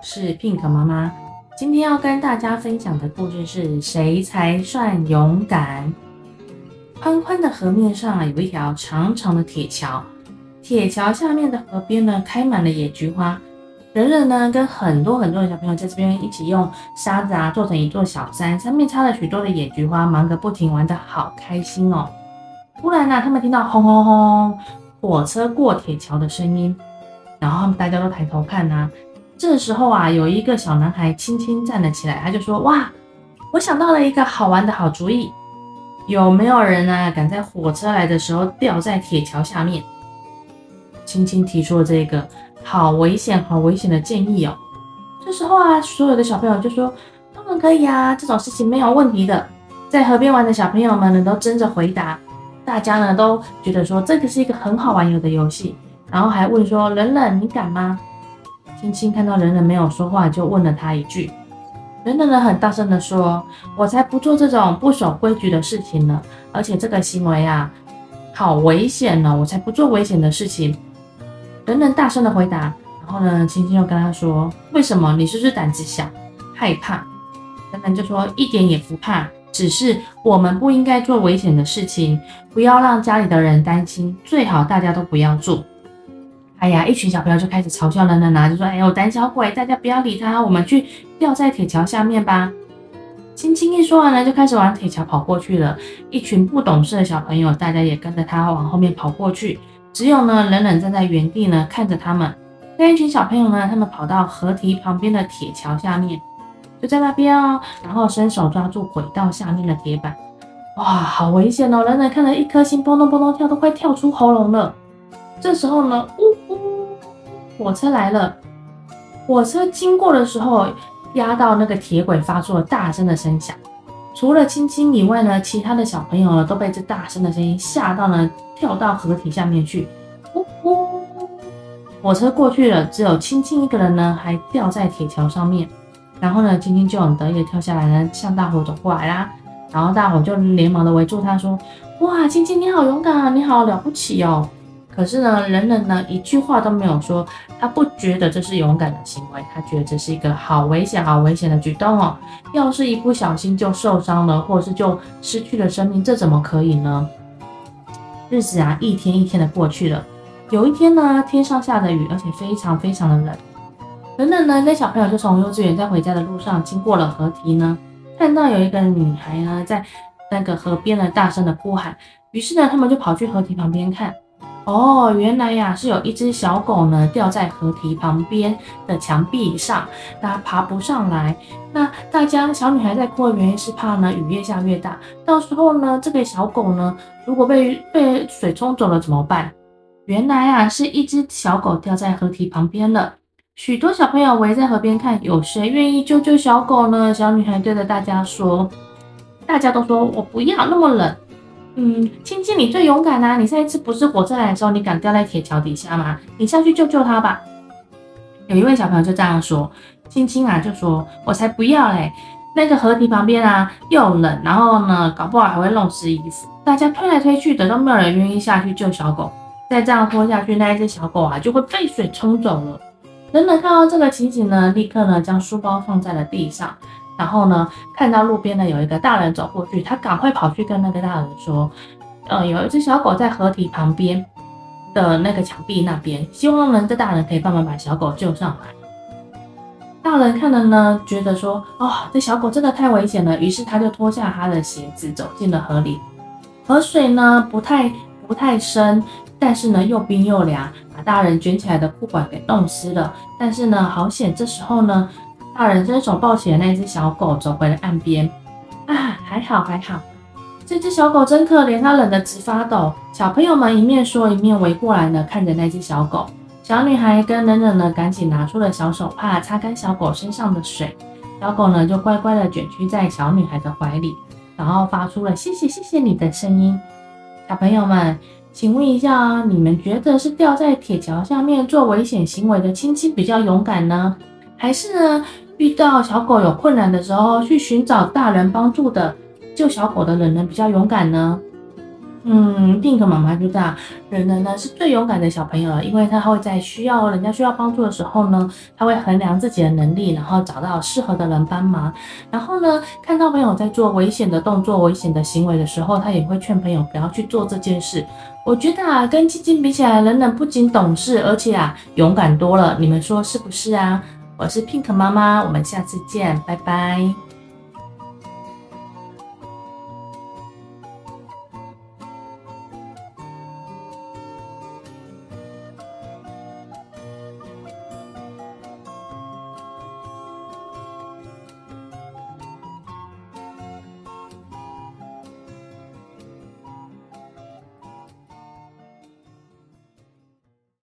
我是 Pink 媽媽，今天要跟大家分享的故事是誰才算勇敢？寬寬的河面上有一條長長的鐵橋，鐵橋下面的河邊呢，開滿了野菊花。仁仁呢，跟很多很多的小朋友在這邊一起用沙子啊，做成一座小山，上面插了許多的野菊花，忙個不停，玩得好開心哦。突然呢、啊，他們聽到轟轟轟火車過鐵橋的聲音，然後大家都抬頭看、啊這時候啊，有一個小男孩清清站了起來，他就說：“哇，我想到了一個好玩的好主意，有沒有人啊，敢在火車來的時候掉在鐵橋下面？”清清提出了這個好危險、好危險的建議哦。這時候啊，所有的小朋友就說：“當然可以啊，這種事情沒有問題的。”在河邊玩的小朋友們呢，都爭着回答，大家呢都覺得說這個是一個很好玩有的遊戲，然後還問說：“仁仁，你敢嗎？”清清看到仁仁沒有說話，就問了他一句。仁仁呢很大聲地說：“我才不做這種不守規矩的事情呢！而且這個行為啊，好危險呢、哦！我才不做危險的事情。”仁仁大聲的回答。然後呢，清清又跟他說：“為什麼？你是不是膽子小，害怕？”仁仁就說：“一點也不怕，只是我們不應該做危險的事情，不要讓家裡的人擔心，最好大家都不要做。”哎呀，一群小朋友就開始嘲笑仁仁了、啊，就說：“哎，呦，膽小鬼，大家不要理他，我們去吊在鐵橋下面吧。”清清一說完呢，就開始往鐵橋跑過去了。一群不懂事的小朋友，大家也跟着他往後面跑過去。只有呢，仁仁站在原地呢，看着他們。那一群小朋友呢，他們跑到河堤旁邊的鐵橋下面，就在那邊哦，然後伸手抓住軌道下面的鐵板。哇，好危險哦！仁仁看着一顆心砰咚砰咚跳，都快跳出喉嚨了。這時候呢，嗚。火車來了，火車經過的時候，壓到那個鐵軌，發出了大聲的聲響。除了清清以外呢，其他的小朋友呢都被這大聲的聲音嚇到了，跳到河堤下面去。嗚、哦、嗚、哦，火車過去了，只有清清一個人呢還掉在鐵橋上面。然後呢，清清就很得意的跳下來呢，向大夥走過來啦。然後大夥就連忙的圍住他說：“哇，清清你好勇敢啊，你好了不起哦！”可是呢，仁仁呢，一句話都沒有說。他不覺得這是勇敢的行為，他覺得這是一個好危險、好危險的舉動哦。要是一不小心就受傷了，或者是就失去了生命，這怎麼可以呢？日子啊，一天一天的過去了。有一天呢，天上下著雨，而且非常非常的冷。仁仁呢，那小朋友就從幼稚園在回家的路上，經過了河堤呢，看到有一個女孩呢，在那個河邊呢，大聲的呼喊。於是呢，他們就跑去河堤旁邊看。哦，原來呀，是有一隻小狗呢，掉在河堤旁邊的牆壁上，它爬不上來。那大家，小女孩在哭的原因是怕呢，雨越下越大，到時候呢，這個小狗呢如果被被水沖走了怎麼辦？原來啊，是一隻小狗掉在河堤旁邊了，許多小朋友圍在河邊看，有誰願意救救小狗呢？小女孩對着大家說，大家都說，我不要，那麼冷。嗯，清清你最勇敢啊。你上一次不是火車來的時候，你敢掉在鐵橋底下嗎？你下去救救它吧。有一位小朋友就這樣說，清清啊就說，我才不要嘞！那個河堤旁邊啊又冷，然後呢搞不好還會弄濕衣服。大家推來推去的都沒有人願意下去救小狗，再這樣拖下去，那一只小狗啊就會被水沖走了。仁仁，看到這個情景呢，立刻呢將書包放在了地上。然後呢，看到路邊呢有一個大人走過去，他趕快跑去跟那個大人說：“嗯、呃，有一隻小狗在河堤旁邊的那個牆壁那邊，希望呢這大人可以幫忙把小狗救上來。”大人看了呢，覺得說：“哦，這小狗真的太危險了。”於是他就脫下他的鞋子走進了河裡。河水呢不太不太深，但是呢又冰又涼，把大人捲起來的褲管給弄濕了。但是呢好險，這時候呢。仁仁伸手抱起了那隻小狗，走回了岸邊。啊，還好還好，這隻小狗真可憐，它冷得直發抖。小朋友們一面說一面圍過來呢，看着那隻小狗。小女孩跟仁仁呢，趕緊拿出了小手帕擦乾小狗身上的水。小狗呢，就乖乖的卷曲在小女孩的懷裡，然後發出了“謝謝謝謝你的”聲音。小朋友們，請問一下啊，你們覺得是掉在鐵橋下面做危險行為的清清比較勇敢呢，還是呢？遇到小狗有困難的時候，去尋找大人幫助的救小狗的人呢，比較勇敢呢。嗯，另一個媽媽覺得，仁仁呢是最勇敢的小朋友了，因為他會在需要人家需要幫助的時候呢，他會衡量自己的能力，然後找到適合的人幫忙。然後呢，看到朋友在做危險的動作、危險的行為的時候，他也會勸朋友不要去做這件事。我覺得啊，跟清清比起來，仁仁不僅懂事，而且啊，勇敢多了。你們說是不是啊？我是 Pink 媽媽，我們下次見，拜拜。